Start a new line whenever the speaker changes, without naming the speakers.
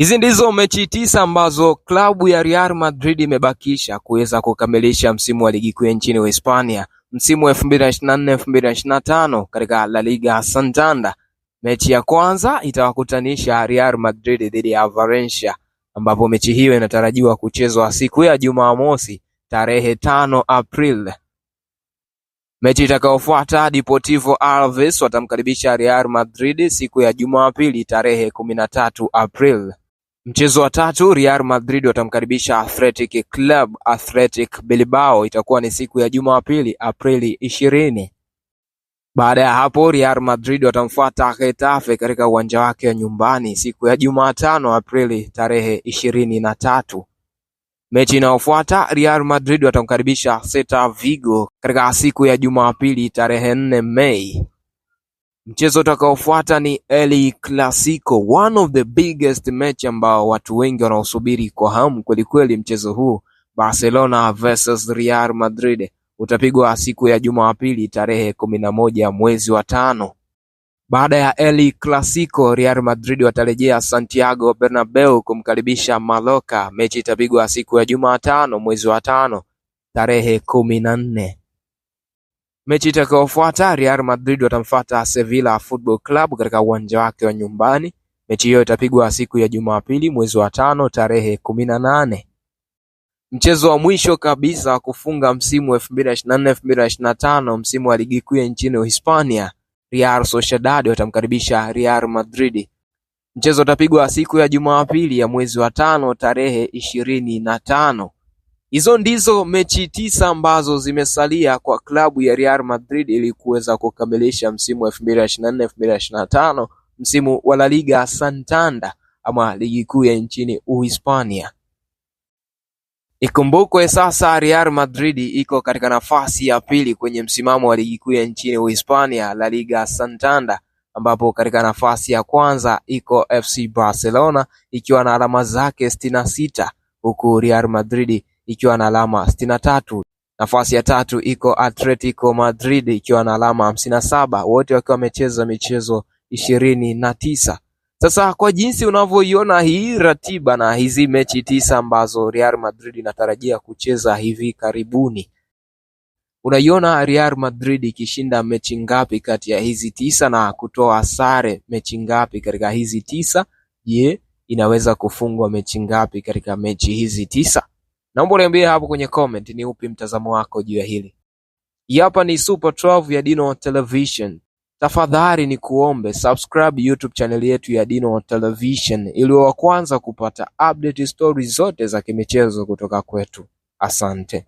Hizi ndizo mechi tisa ambazo klabu ya Real Madrid imebakisha kuweza kukamilisha msimu wa ligi kuu nchini Uhispania msimu wa 2024 2025 katika La Liga Santander. Mechi ya kwanza itawakutanisha Real Madrid dhidi ya Valencia ambapo mechi hiyo inatarajiwa kuchezwa siku ya Jumamosi tarehe tano April. Mechi itakayofuata Deportivo Alaves watamkaribisha Real Madrid siku ya Jumapili tarehe kumi na April mchezo wa tatu real madrid watamkaribisha athletic club athletic bilbao itakuwa ni siku ya jumapili aprili ishirini baada ya hapo real madrid watamfuata getafe katika uwanja wake wa nyumbani siku ya jumatano aprili tarehe ishirini na tatu mechi inayofuata real madrid watamkaribisha celta vigo katika siku ya jumapili tarehe nne mei Mchezo utakaofuata ni El Clasico one of the biggest match ambao watu wengi wanaosubiri kwa hamu kwelikweli. Mchezo huu Barcelona versus Real Madrid utapigwa siku ya Jumapili tarehe kumi na moja mwezi wa tano. Baada ya El Clasico, Real Madrid watarejea Santiago Bernabeu kumkaribisha Mallorca. Mechi itapigwa siku ya Jumatano mwezi wa tano tarehe kumi na nne. Mechi itakayofuata Real Madrid watamfuata Sevilla Football Club katika uwanja wake wa nyumbani. Mechi hiyo itapigwa siku ya Jumapili mwezi wa tano tarehe kumi na nane. Mchezo wa mwisho kabisa wa kufunga msimu 2024 2025 msimu wa ligi kuu ya nchini Uhispania, Real Sociedad watamkaribisha Real Madrid. Mchezo utapigwa siku ya Jumapili ya mwezi wa tano tarehe ishirini na tano. Hizo ndizo mechi tisa ambazo zimesalia kwa klabu ya Real Madrid ili kuweza kukamilisha msimu wa 2024 2025, msimu wa La Liga Santander ama ligi kuu ya nchini Uhispania. Ikumbukwe sasa Real Madrid iko katika nafasi ya pili kwenye msimamo wa ligi kuu ya nchini Uhispania, La Liga Santander, ambapo katika nafasi ya kwanza iko FC Barcelona ikiwa na alama zake 66 huku Real Madrid ikiwa na alama sitini tatu Nafasi ya tatu iko Atletico Madrid ikiwa na alama hamsini saba wote wakiwa wamecheza michezo ishirini na tisa. Sasa kwa jinsi unavyoiona hii ratiba na hizi mechi tisa ambazo Real Madrid inatarajia kucheza hivi karibuni, unaiona Real Madrid ikishinda mechi ngapi kati ya hizi tisa na kutoa sare mechi ngapi katika hizi tisa? Je, inaweza kufungwa mechi ngapi katika mechi hizi tisa? Naomba uniambie hapo kwenye comment ni upi mtazamo wako juu ya hili. hapa ni Super 12 ya Dino Television. Tafadhali ni kuombe subscribe YouTube channel yetu ya Dino Television ili wa kwanza kupata update stories zote za kimichezo kutoka kwetu. Asante.